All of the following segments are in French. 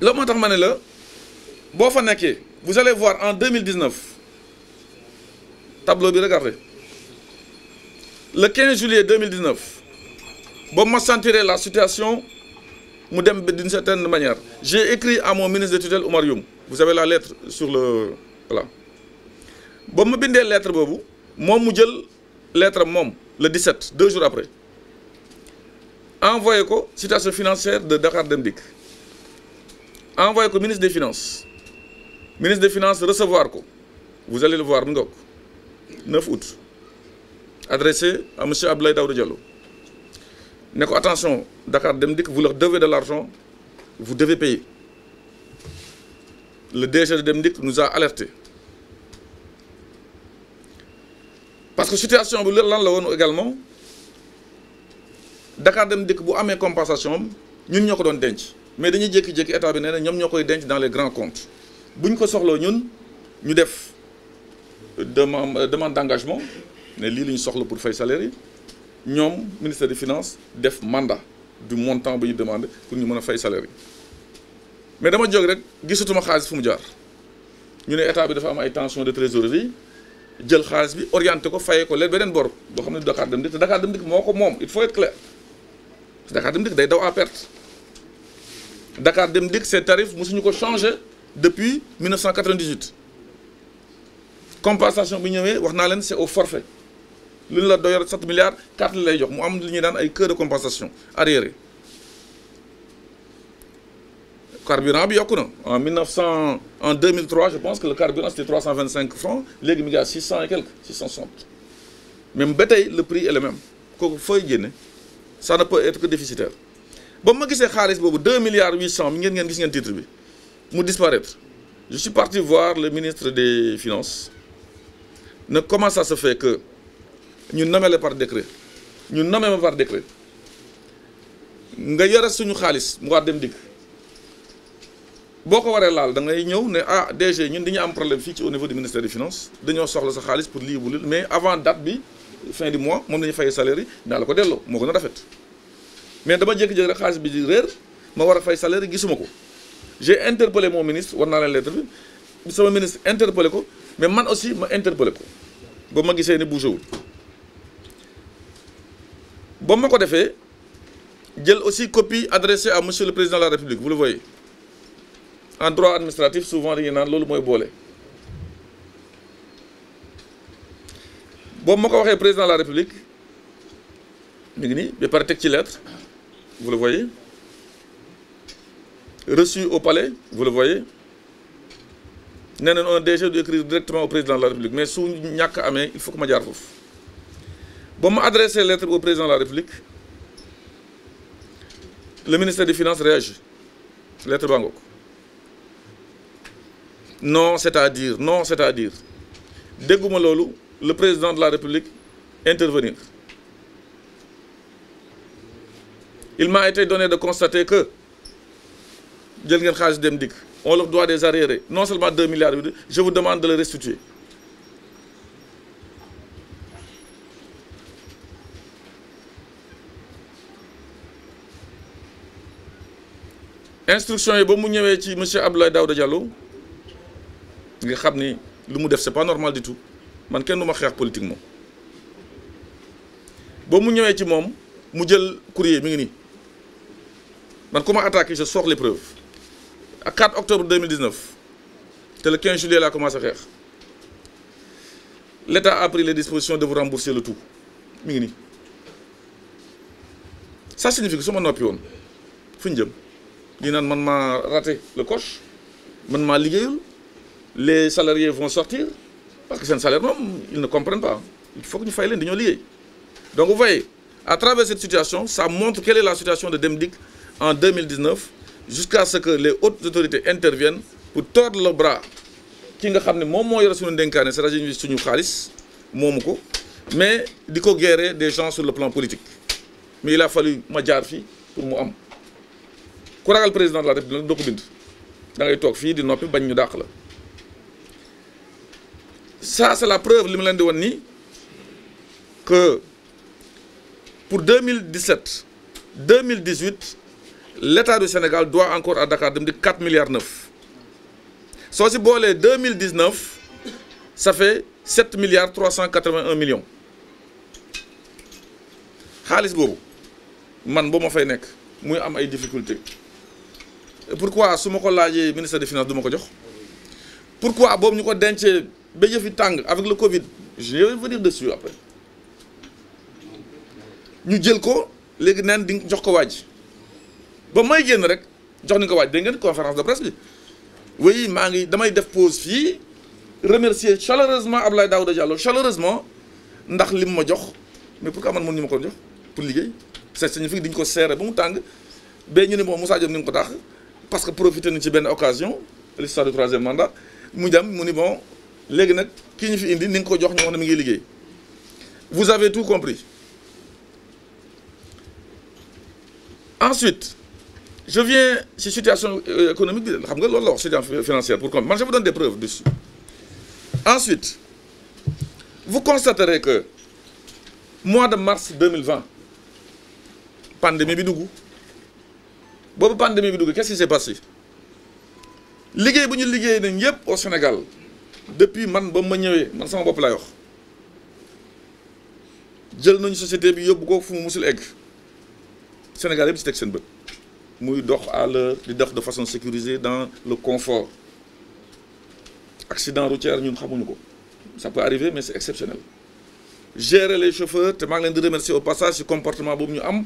Le vous allez voir en 2019 tableau regardez le 15 juillet 2019 Je me senti la situation d'une certaine manière j'ai écrit à mon ministre de tutelle Oumar vous avez la lettre sur le voilà suis dit la lettre je moom la lettre le 17 deux jours après envoyez la situation financière de Dakar Demdik. Envoyez au ministre des finances Le ministre des finances recevoir vous allez le voir 9 août adressé à M. Ablaïda Oudjalo. Diallo attention Dakar Dem vous leur devez de l'argent vous devez payer le DG de Demdik nous a alerté parce que la situation bi également Dakar Demdik, vous avez une compensation nous ñun pas ko mais dañuy jékki-jékki état bi néna ñom ñokoy dans les grands comptes Si nous ko soxlo ñun ñu def euh, euh, demande d'engagement ne li une soxlo pour fay salaire Nous, le ministère des finances def mandat du montant pour ñu mëna fay salaire mais dama jog rek gisatuma xaalis fu mu jaar ñu état bi dafa am ay tension de trésorerie jël bi orienté ko fayé ko Nous bor il faut être clair day daw à perte. D'accord, Dakar Dem que ces tarifs mosuñu ont changé depuis 1998 compensation bi ñëwé c'est au forfait lu la 7 milliards 4 milliards. lay jox mu am lu daan de compensation Le carburant bi yokku na en 1900 en 2003 je pense que le carburant c'était 325 francs légui mi a 600 et quelques 660 même le prix est le même kooku le gagner. ça ne peut être que déficitaire si je dis que 2 milliards 800 mi ngeen le titre bi disparaître je suis parti voir le ministre des finances comment ça se fait que nous nommons pas par décret Nous nommons par décret Nous avons suñu xaalis mu war dem dikk boo ko waree vous da ngay ñëw ah DG ñun problème au niveau du ministère des finances Nous avons le chalice pour lii mais avant date fin du mois nous avons fait salaire nous avons la ko delloo moo mais dama j'ai jékki rek xaalis bi di réer ma wara a fay salaire gisuma j'ai interpellé mon ministre war naa la lettre bi sama ministre interpellé ko mais man aussi ma interpellé ko bo ma gisé ni bougé wul ba ma ko jël aussi copie adressée à monsieur le président de la république vous le voyez en droit administratif souvent rien naan loolu moy bolé bo ma ko waxee président de la république ni ngi nii de la ci lettre vous le voyez. Reçu au palais, vous le voyez. Nous avons déjà dû écrire directement au président de la République mais su à main, il faut que je me Bon, je ma adressé lettre au président de la République le ministère des Finances réagit lettre Bangok. non c'est-à-dire non c'est-à-dire dégguma lolo, le président de la République intervenir Il m'a été donné de constater que on leur doit des arriérés, non seulement 2 milliards, je vous demande de les restituer. instruction si ba mu ñëwee ci monsieur Abdoulaye Daouda Diallo nga que ce lu c'est pas normal du tout man kenn du politiquement. xeex politique Si ba mu ñëwee ci moom mu jël courrier man comment attaquer je sors les preuves à 4 octobre 2019 c'est le 15 juillet là, commencé à faire L'État a pris les dispositions de vous rembourser le tout ça signifie que ce ma pas un raté le coche man m'a lié. les salariés vont sortir parce que c'est un salaire non ils ne comprennent pas il faut que nous les les donc vous voyez à travers cette situation ça montre quelle est la situation de Demdik en 2019 jusqu'à ce que les hautes autorités interviennent pour tordre le bras Qui ne sait pas... cest suñu mais il des gens sur le plan politique mais il a fallu ma jaar fi pour mu am que le président de la république a été bind da ngay tok la ça c'est la preuve le que pour 2017 2018 l'État du Sénégal doit encore à Dakar de 4 milliards 9 Soit si bolé 2019 ça fait 7 milliards 381 millions khalis bobu man boma fay nek muy am ay difficultés pourquoi su ma ko le ministre des finances du ma jox pourquoi bobu ñuko ko dencee ba avec le Covid je vais venir dessus après ñu jël ko légui neen di jox ko waaj ba je génn rek jox vais ko waaj dégg ngeen conférence de presse bi oui je ngi damay def pause ici. remercier chaleureusement Abdoulaye Daouda Diallo chaleureusement ndax lim ma jox mais pourquoi man mënuñu ma ko jox pour liggéey c'est signifique diñ ko serré ba mu tàng nous, ñu ne moom Moussa Diop ni ko tax parce que profiter nañ ci benn occasion l'histoire du troisième mandat mu jam mu ni bon léegi nag kii ñu fi indi ni nga ko jox ñu ne ngi vous avez tout compris ensuite je viens sur situation euh, économique, financière, pour Moi, je vous donne des preuves dessus. Ensuite, vous constaterez que mois de mars 2020, pandémie Bidougou, Bob pandémie qu'est-ce qui s'est passé Ligue gens qui nañ au Sénégal depuis que je suis venu. Je suis venu à J'ai jël société bi yóbbu ko fu musul egg Sénégal muy dox à l'heure di dox de façon sécurisée dans le confort accident routier ñun xamuñu ko ça peut arriver mais c'est exceptionnel gérer les chauffeurs te mag leen di remercier au passage ci comportement bobu ñu am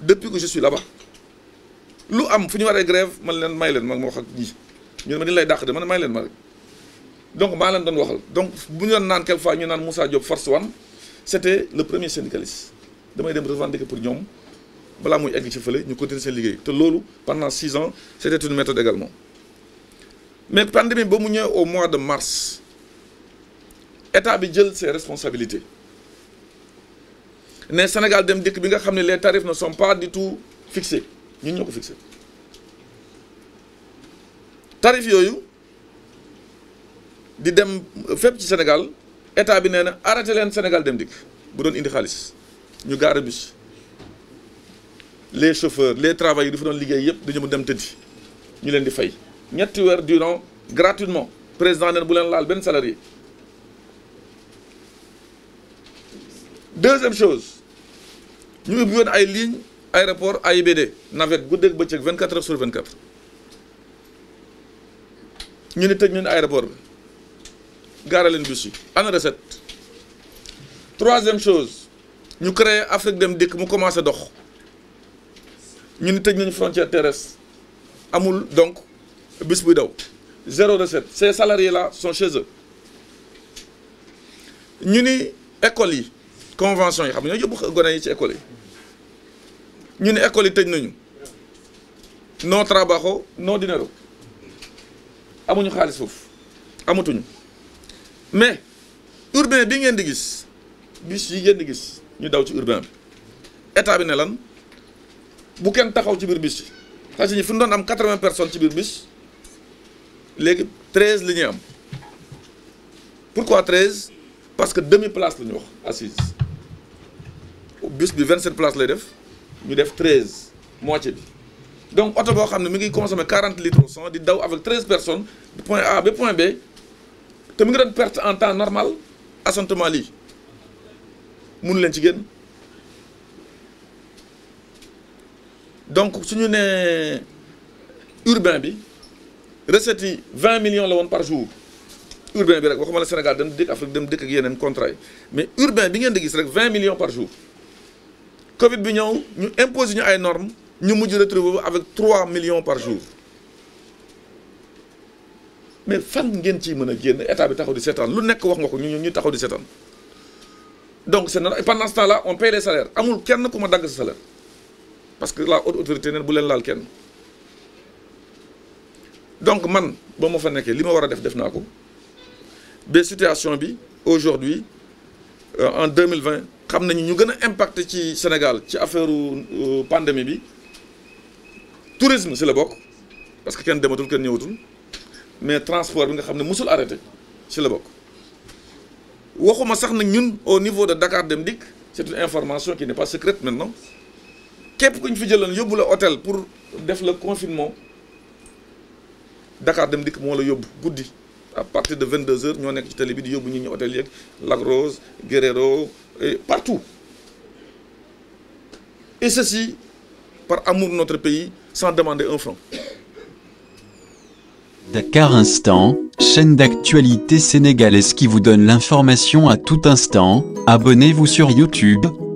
depuis que je suis là-bas lu am fu ñu waree grève man leen may leen man mo wax ak ñi ñu ne ma ni lay dàq de man may leen ma donc ma leen doon waxal donc bu ñu doon naan quelque fois ñu naan Moussa Diop Force One c'était le premier syndicaliste damay dem revendiquer pour ñom balaa muy egg ci fële ñu continuer seen liggéey te loolu pendant six ans c'était une méthode également mais pandémie ba mu ñëwee au mois de mars état bi jël ses responsabilités ne Sénégal dem dikk bi nga xam les tarifs ne sont pas du tout fixés ñun ñoo ko fixé tarif yooyu di dem fépp ci Sénégal état bi nee na arrêté leen Sénégal dem dikk bu doon indi xaalis ñu gaare bus les chauffeurs les travailleurs ils doon liggéey yëpp dañu mu dem Ils ñu leen di fay ñetti weer durant gratuitement président ne bu leen laal salarié deuxième chose nous avons woon ay ligne aéroport AIBD navette guddeeg 24 heures sur 24 Nous avons tëj aéroport Gare gaare leen recette troisième chose ñu créé Afrique Dem Dikk mu commencé dox nous avons une frontière terrestre amul donc bis buy zéro recette ces salariés là sont chez eux ñu ni école yi convention yi xam nga ñoo yóbbu yi ci école ñu ni école yi nañu non trabajo non dinero amuñu xaalis foofu amatuñu mais urbain bi ngeen di gis bis yi ngeen gis urbain bi état bi si quelqu'un est bus, 80 personnes dans le bus, il y 13 lignes. Pourquoi 13 Parce que demi-place, nous sommes assises. Le bus de 27 places, il y a 13, moitié. Donc, on a commencé à consommer 40 litres de sang, avec 13 personnes, point A à point B, il on a une perte en temps normal, assentement. Il y a donc si nous sommes urbains, bi recette 20 millions la par jour urbain bi rek waxuma le Sénégal dem dëkk Afrique dem dëkk ak contrat mais urbain bi ngeen vous gis c'est 20 millions par jour Covid bi nous ñu imposé ñu ay normes ñu mujj retrouvons avec 3 millions par jour mais fan ngeen ciy mën a génn état bi taxaw di ans. lu nekk wax nga ko ñu ñu taxaw di ans. donc c'est pendant ce temps là on paye les salaires amul kenn a ma dagg sa salaire parce que la haute autorité n'est pas là donc man ba que fa nekkee li je def que situation aujourd'hui euh, en 2020 nous avons ñu impact impacté le Sénégal ci euh, la pandémie Le tourisme c'est le bon. parce que y a des ñëwatul mais transport bi nga le transport, c'est arrêté bon. le bokk waxuma sax au niveau de Dakar Demdik. c'est une information qui n'est pas secrète maintenant fi jëlone hôtel pour def le confinement Dakar dem dit que la yóbbu goudi à partir de 22h ño nek ci télé bi di yóbbu ñi hôtel Lac Rose Guerrero et partout et ceci par amour de notre pays sans demander un franc. Dakar Instant, chaîne d'actualité sénégalaise qui vous donne l'information à tout instant. Abonnez-vous sur YouTube